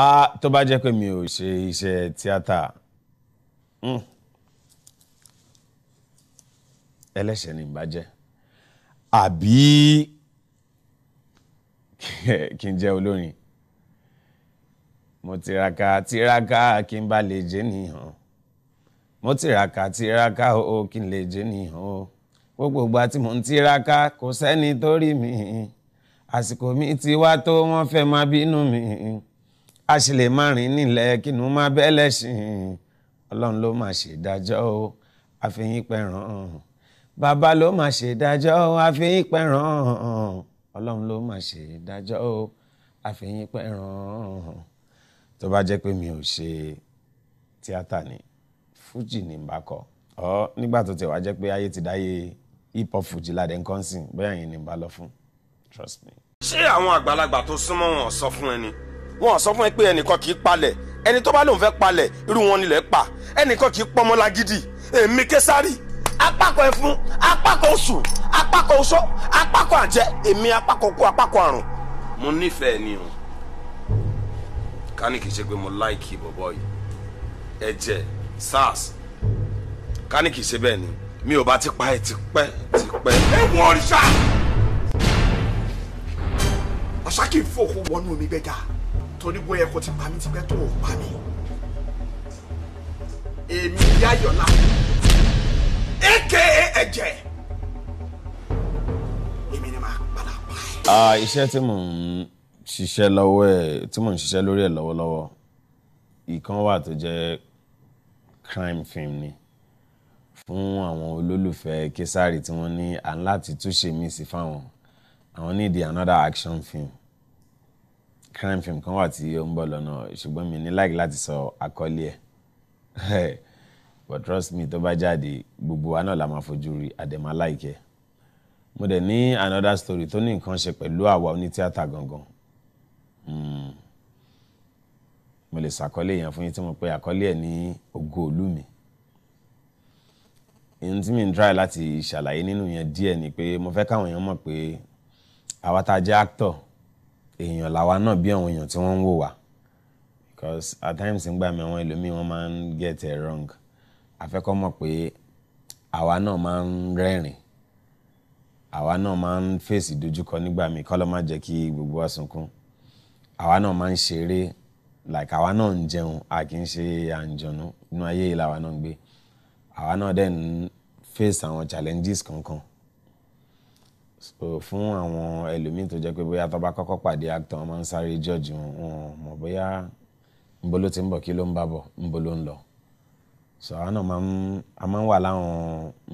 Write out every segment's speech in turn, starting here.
a tó bá jẹ́ pé mi ò ṣe iṣẹ́ tíátà hmm, ẹlẹ́ṣẹ̀ ni bá jẹ́ àbí kí n jẹ́ olórin mo tiraka tiraka kí n bá lè jẹ́ nìyàn mo tiraka tiraka o kí n lè jẹ́ nìyàn o gbogbo ìgbà tí mo ń tiraka kò sẹ́ni tó rí mi àsìkò mi ti wá tó wọ́n fẹ́ máa bínú mi a sì lè má rìn nílẹ̀ kínú má bẹ́ lẹ́sìn ọlọ́run ló máa ṣèdájọ́ o àfihàn pẹ̀ràn bàbá ló máa ṣèdájọ́ o àfihàn pẹ̀ràn ọlọ́run ló máa ṣèdájọ́ o àfihàn pẹ̀ràn tó bá jẹ́ pé mi ò ṣe tíátà ni fújì ni bá kọ ọ nígbà tó tẹ̀ wá jẹ́ pé ayé ti dáyé hip hop fújì ládẹ nǹkan sìn yẹn ni bá lọ fún trust me. ṣé àwọn àgbàlagbà tó súnmọ́ wọn sọ fún ẹni wọn sọ fún ẹ pé ẹnìkan kì í palẹ̀ ẹni tó bá lóun fẹ́ palẹ̀ irú wọn nílẹ̀ pa ẹnìkan kì í pọmọ lágídí èmi késárì apákọ̀ ẹfun apákọ̀ oṣù apákọ̀ oṣó apákọ̀ àjẹ èmi apákọ̀ kú apákọ̀ àrùn. mo nífẹ̀ẹ́ ni o ká ní kì í ṣe pé mo láìkì bọ̀bọ̀ yìí ẹ̀jẹ̀ sars ká ní kì í ṣe bẹ́ẹ̀ ni mi ò bá ti pa ẹ̀ tipẹ́ tipẹ́. ẹ wọ ọ̀rìṣà àṣà kì í fòkó wọnú mi bẹ́ẹ̀ dáa torí bó yẹ kó ti pa mí tipẹ́ tó o pa mí èmi yáyọ̀lá aka ẹ̀jẹ̀ èmi ni màá padà pa ẹ́. iṣẹ́ tí mò ń ṣiṣẹ́ lọ́wọ́ ẹ̀ tí mò ń ṣiṣẹ́ lórí ẹ̀ lọ́wọ́lọ́wọ́ ìkan wà tó jẹ́ crime film ni fún àwọn olólùfẹ́ Késàrì tí wọ́n ní à ń láti túnṣe mí sí fáwọn àwọn need another action film crime film kan wà tí ó ń bọ̀ lọ́nà ṣùgbọ́n mi ní like láti sọ àkọlé ẹ̀ but trust me tó bá jáde gbogbo wa náà la máa fojú rí àdèmà láìkẹ́ mo dẹ̀ ní another story tó ní nǹkan ṣe pẹ̀lú àwa onítìátà gangan hmm. mo lè ṣàkọlé yẹn fún yín tí mo pe àkọlé ẹ̀ ní ògo ìlú mi ìyẹn tí mi ń try láti ṣàlàyé nínú yẹn díẹ̀ ni pé mo fẹ́ káwọn èèyàn mọ̀ pé àwa tá a jẹ́ actor èèyàn làwa náà bí àwọn èèyàn tí wọ́n ń wò wá because at times ńgbà mi àwọn ẹlòmíì wọ́n máa ń get it wrong afẹ́kọ́ mọ̀ pé àwa náà máa ń rẹ́rìn àwa náà máa ń fèsì dojúkọ nígbà mi kọ́lọ́ má jẹ́ kí gbogbo wa sunkún àwa náà máa ń ṣeré like àwa náà ń jẹun a kì í ṣe àǹjọ̀nú inú ayé yìí làwa náà ń gbé àwa náà dẹ̀ ń face àwọn challenges kankan fún àwọn ẹlòmíín tó jẹ́ pé bóyá tó bá kọ́kọ́ pàdé actor wọn máa ń sáré judge wọn wọn mọ̀ bóyá nbo ló ti ń bọ̀ kí ló ń bá bọ̀ nbo ló ń lọ so àwọn náà máa ń a máa ń wà láwọn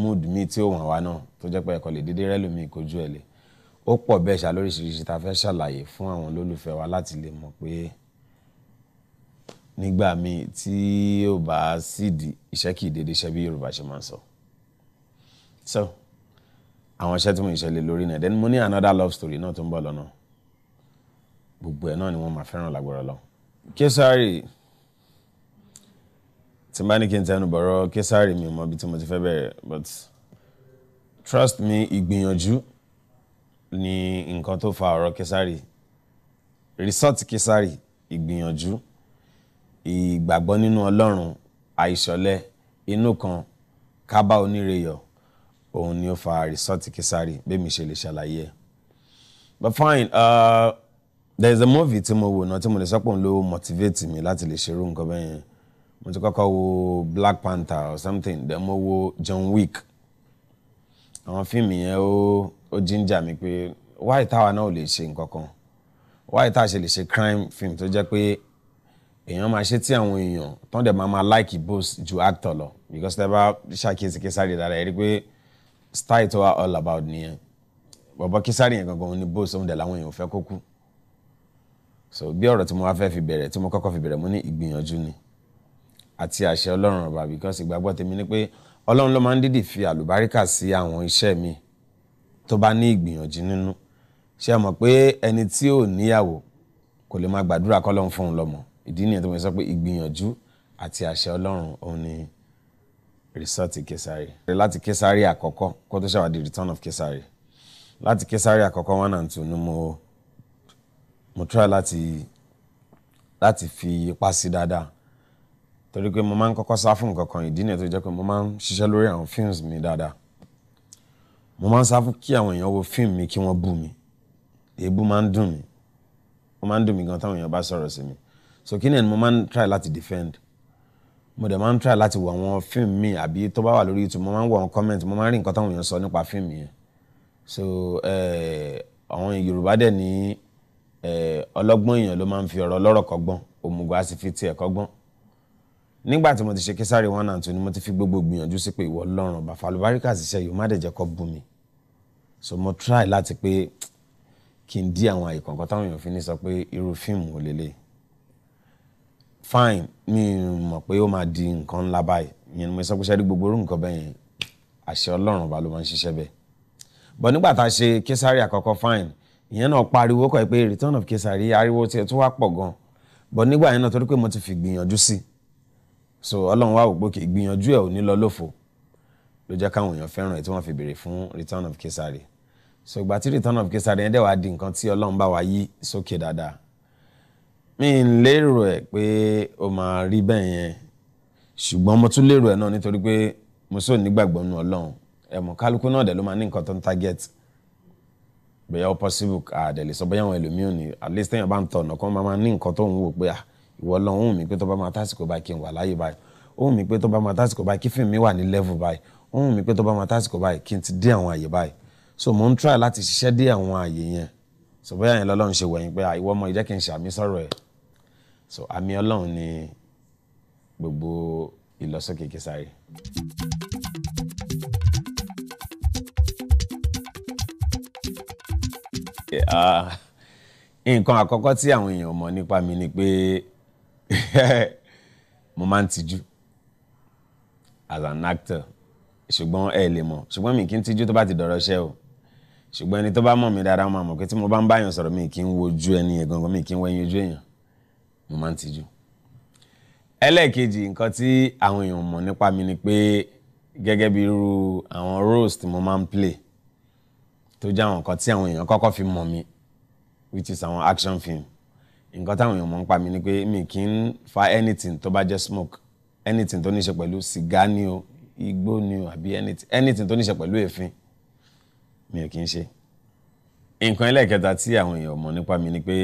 mood mi tí ó wọ̀n wá náà tó jẹ́ pé ẹ̀kọ́ lè dédé rẹ́ lómi ìkojú ẹ̀ lé ó pọ̀ bẹ́ẹ̀ ṣá lóríṣiríṣi tá a fẹ́ ṣàlàyé fún àwọn olólùfẹ́ wa láti lè mọ̀ pé nígbà míì tí ó bá sídìí iṣẹ́ kì í dédé ṣe bí Yorùbá ṣe máa ń sọ so àwọn iṣẹ́ tí mo ṣe lè lórí náà then mo ní another love story náà tó ń bọ̀ lọ́nà gbogbo ẹ̀ náà ni wọ́n máa fẹ́ràn lágbára lọ. Kesari tí n bá ní kí n tẹnu bọ̀rọ̀ Kesari mi mọ ibi tí mo ti fẹ́ bẹ̀rẹ̀ but trust me ìgbìyànjú ni nǹkan tó fa ọ̀rọ̀ Kesari resort Kesari ìgbìyànjú ìgbàgbọ́ nínú Ọlọ́run àìṣọ̀lẹ inú kan kábà oníreyọ̀ òun ni ó fa rìsọ́ọ̀tì Kesari bẹ́ẹ̀ mi ṣe lè ṣàlàyé ẹ̀ but fine uh, there is a movie tí mo wò náà tí mo lè sọ pé òun ló motivate mi láti lè ṣerú nǹkan bẹ́ẹ̀ yẹn mo ti kọ́kọ́ wo Black Panther or something then mo wo John Wick àwọn fíìmù yẹn ó ó jíńjà mi pé wáyé táwa náà ò lè ṣe nǹkan kan wáyé táwa ṣe lè ṣe crime film tó jẹ́ pé èèyàn máa ṣe tí àwọn èèyàn tán dẹ̀ máa máa like boss ju actor lọ because tẹ́ bá ṣàkíyèsí Kesari dára ẹ̀ rí pé style tó all about nìyẹn bọ̀bọ̀ Kisari yẹn gangan ni bóòsù ọ̀hún dẹ̀ láwọn èèyàn fẹ́ kó kú so bí ọ̀rọ̀ tí mo wá fẹ́ fi bẹ̀rẹ̀ tí mo kọ́kọ́ fi bẹ̀rẹ̀ mo ní ìgbìyànjú ni àti àṣẹ ọlọ́run ọba because ìgbàgbọ́ tèmi ni pé ọlọ́run ló máa ń dídì fi àlùbáríkà sí àwọn iṣẹ́ mi tó bá ní ìgbìyànjú nínú ṣé ẹ mọ̀ pé ẹni tí ò níyàwó kò lè máa gbàdúrà kọ́lọ́run fún un lọ́mọ ìdí nìyẹn tó mo sọ pé ìgbìyànjú àti àṣẹ ọlọ́run òun ni resort kesari láti kesari àkọ́kọ́ kó tó ṣàwádìí return of kesari láti kesari àkọ́kọ́ one and two ni mo mo try láti láti fi ipá sí dáadáa torí pé mo máa ń kọ́kọ́ sá fún nǹkan kan ìdí nìyẹn tó jẹ́ pé mo máa ń ṣiṣẹ́ lórí àwọn films mi dáadáa mo máa ń sá fún kí àwọn èèyàn wo fíìmù mi kí wọ́n bú mi èébú máa ń dùn mí ó máa ń dùn mí gan táwọn èèyàn bá sọ̀rọ̀ sí mi so kí ni ẹni mo máa ń try láti defend mo dẹ̀ máa ń try láti wo àwọn fíìmù mi àbí tó bá wà lórí youtube mo máa ń wo àwọn comment mo máa ń rí nǹkan táwọn èèyàn sọ nípa fíìmù yẹn so eh, àwọn yorùbá dẹ̀ ní eh, ọlọ́gbọ́n èèyàn ló máa ń fi ọ̀rọ̀ lọ́rọ̀ kọ́gbọ́n òmùgọ̀ á sì fi tiẹ̀ kọ́gbọ́n nígbà tí mo ti ṣe Kesari one and two ni mo ti fi gbogbo gbìyànjú sí pé ìwọ Ọlọ́run ọba falùbáríkà ṣiṣẹ́ yìí má dẹ̀ jẹ́ kó bú mi so mo try láti pé kí n dí àwọn àyè kọ̀ọ̀kan táwọn èèyàn fi ní sọ pé irú fíìmù ò fine mi mọ̀ pé ó máa di nǹkan ńlá báyìí ìyẹn ni mo sọ pé ṣe rí gbogbo orú nǹkan bẹ́ẹ̀ yẹn àṣẹ ọlọ́run ọba ló máa ń ṣiṣẹ́ bẹ́ẹ̀ bọ̀ nígbà tá a ṣe Kesari àkọ́kọ́ fine ìyẹn náà pariwo kọ́ ẹ pé return of Kesari ariwo tiẹ̀ tó wá pọ̀ gan bọ̀ nígbà yẹn náà torí pé mo ti fi gbìyànjú sí so ọlọ́run wá wò pé kì í gbìyànjú ẹ̀ ò ní lọ lófo ló jẹ́ káwọn èèyàn fẹ́ràn return of Kesari so ìgbà tí return of Kesari yẹn dẹ̀ wá di nǹkan tí ọlọ́run bá mi ń lérò ẹ̀ pé ó máa rí bẹ́ẹ̀ yẹn ṣùgbọ́n mo tún lérò ẹ̀ náà nítorí pé mo sọ nígbàgbọ́ nínú ọlọ́run ẹ̀mọ́ kálukú náà dẹ̀ ló máa ní nǹkan tó ń target bẹ́ẹ̀ ó possible àdẹ̀ lè sọ bẹ́ẹ̀ àwọn ẹlòmíì ò ní at least téèyàn bá ń tọ̀ ọ̀nà kan máa ní nǹkan tó ń wò pé ìwọ lọ ohun mi pé tó bá máa tásìkò báyìí kí n wà láyé báyìí ohun mi pé tó bá máa tásìkò báyìí kí fíìmù mi wà ní level báyìí ohun mi pé tó bá máa tásìkò báyìí kí n ti dé àwọn àyè báyìí so mo ń try láti ṣiṣẹ́ dé àwọn àyè yẹn so bóyá yẹn lọ́lọ́run ṣe wẹ̀yìn pé àìwọ́ ọmọ ìjẹ́ kí ṣàmì sọ̀rọ̀ ẹ̀ so àmì ọlọ́run ni gbogbo ìlọsókè Kesari. Ah, nǹkan àkọ́kọ́ tí àwọn èèyàn mọ̀ nípa mi ni pé mo máa ń tijú as an actor ṣùgbọ́n ẹ lè mọ̀ ṣùgbọ́n mi kì í tijú tó bá ti dọ̀rọ̀ iṣẹ́ o ṣùgbọ́n ẹni tó bá mọ̀ mi dáadáa máa mọ̀ pé tí mo bá ń báyàn sọ̀rọ̀ mi kì í wojú ẹni yẹn gangan mi kì í wẹ̀yìn ojú èèyàn mo máa ń tijú. ẹlẹ́ẹ̀kejì nǹkan tí àwọn èèyàn mọ̀ nípa mi ni pé gẹ́gẹ́ bí irú àwọn roles tí mo máa ń play tó jẹ́ àwọn nǹkan tí àwọn èèyàn kọ́kọ́ fi mọ̀ mi which is àwọn action film nǹkan táwọn èèyàn mọ̀ nípa mi ni pé mi kì í fa anything tó bá jẹ́ smoke anything tó ní pẹ̀lú sìgá ni o igbó ni o àbí anything anything tó ní ṣe pẹ̀lú èéfín mi ò kì í ṣe nǹkan ẹlẹ́ẹ̀kẹta tí àwọn èèyàn mọ̀ nípa mi ni pé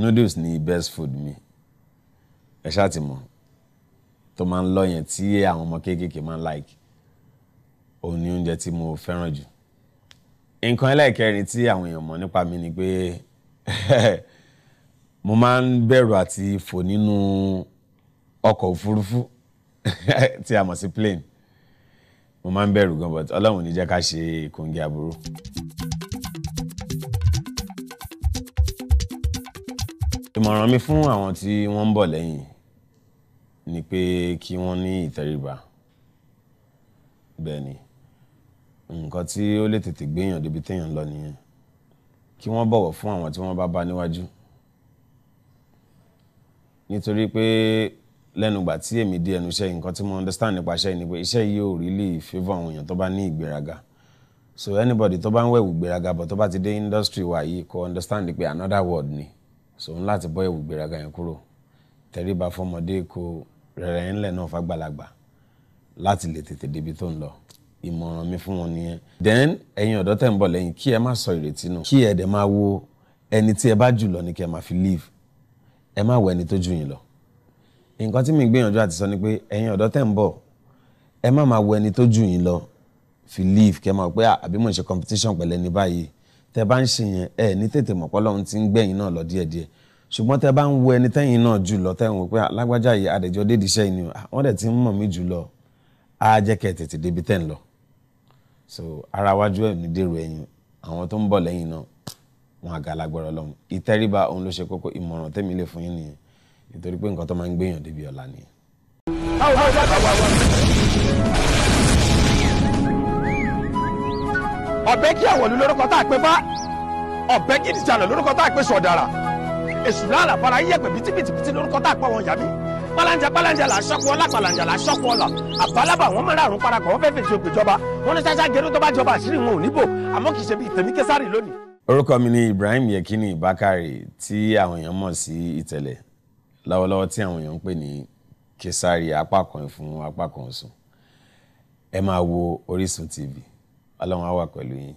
noodles ni best food mi ẹ ṣáà ti mọ̀ tó máa ń lọ yẹn tí àwọn ọmọ kéékèèké máa ń like òun ni oúnjẹ tí mo fẹ́ràn jù nǹkan ẹlẹ́ẹ̀kẹrin tí àwọn èèyàn mọ̀ nípa mi ni pé mo máa ń bẹ̀rù àti fò nínú ọkọ̀ òfurufú tí a mọ̀ sí plane mo máa ń bẹ̀rù gan but ọlọ́run ò ní jẹ́ ká ṣe kòǹgì aburú. ìmọ̀ràn mi fún àwọn tí wọ́n ń bọ̀ lẹ́yìn ni pé kí wọ́n ní ìtẹríba bẹ́ẹ̀ ni nǹkan tí ó lè tètè gbéyàn débi téèyàn ń lọ nìyẹn kí wọ́n bọ̀wọ̀ fún àwọn tí wọ́n bá bá níwájú nítorí pé lẹ́nugbà tí èmi dé ẹnu iṣẹ́ nǹkan tí mo understand nípa iṣẹ́ ni pé iṣẹ́ yìí ò really favour àwọn èèyàn tó bá ní ìgbéraga so anybody tó bá ń wẹ̀wù ìgbéraga bọ̀ tó bá ti dé industry wa yìí kò understand pé another word ni so ń láti bọ́ ẹ̀wù gbéraga yẹn kúrò tẹríba fọmọdé kó rẹ̀rẹ̀ ńlẹ̀ náà fàgbàlagbà láti lè tètè débi tó ń lọ ìmọ̀ràn mi fún wọn nìyẹn. then ẹ̀yin ọ̀dọ́ tẹ̀ ń bọ̀ lẹ́yìn kí ẹ má sọ ìrètí nù kí ẹ dẹ̀ máa wo ẹni tí ẹ bá jù lọ ni kí ẹ máa fi leave ẹ má wo ẹni tó jù yín lọ. nǹkan tí mi gbìyànjú àti sọ ni pé ẹ̀yin ọ̀dọ́ tẹ̀ ń bọ̀ ẹ má máa wo ẹni tó jù yín lọ fi leave kí ẹ máa pé àbí mo ṣe competition pẹ̀lẹ́ ní báyìí tẹ bá ń ṣe yẹn ẹ ní tètè mọ̀ pọ́lọ́run ti ń gbẹ̀yìn náà lọ díẹ̀díẹ̀ ṣùgbọ́n tẹ bá ń wo ẹni tẹ́yìn náà jù lọ tẹ́yìn wò pé alágbájá ah, yìí àdèjọ́ dédi iṣẹ́ yìí ni ah, wọ́n dẹ̀ ti ń mọ̀ mí jù lọ á jẹ́ kẹ́ tètè débi tẹ́ ń lọ so ara wájú ẹ̀ ní dèrò ẹ̀yìn àwọn tó ń bọ̀ lẹ́yìn náà wọn àga alágbára lọ́mù ìtẹríba òun ló ṣe kókó ìmọ̀ràn tẹ́mi lè fún yín nìyẹn nítorí pé nǹkan tó máa ń gbéyàn débi ọ̀la nìyẹn. ọ̀bẹ kí àwọ̀lú lórúkọ tá a pé bá ọ̀bẹ kí ìdìjàlọ̀ lórúkọ tá a pé sọ̀dàrà èṣù láàlà fara yẹ̀pẹ̀ bìtìbìtìbìtì lórúkọ tá a pé wọn yàmí palanja palanja la sọ́kù ọlá palanja la sọ́kù ọlá àbálábà wọn máa rárun parapọ̀ wọn fẹ́ẹ́ fèsì ògbè jọba wọn ní sáṣá gẹrú tó jọba àṣírí wọn ò níbò àmọ́ kì í ṣe bí ìtẹ̀mí késàrì lónìí. orúkọ mi ni Ibrahim Yekini Bakari tí àwọn èèyàn mọ̀ sí ìtẹ̀lẹ̀ lọ́wọ́lọ́wọ́ tí àwọn èèyàn ń pè ní késàrì apá kan fún apá kan sùn ẹ máa wo Orísun TV. Ọlọ́run á wà pẹ̀lú yín.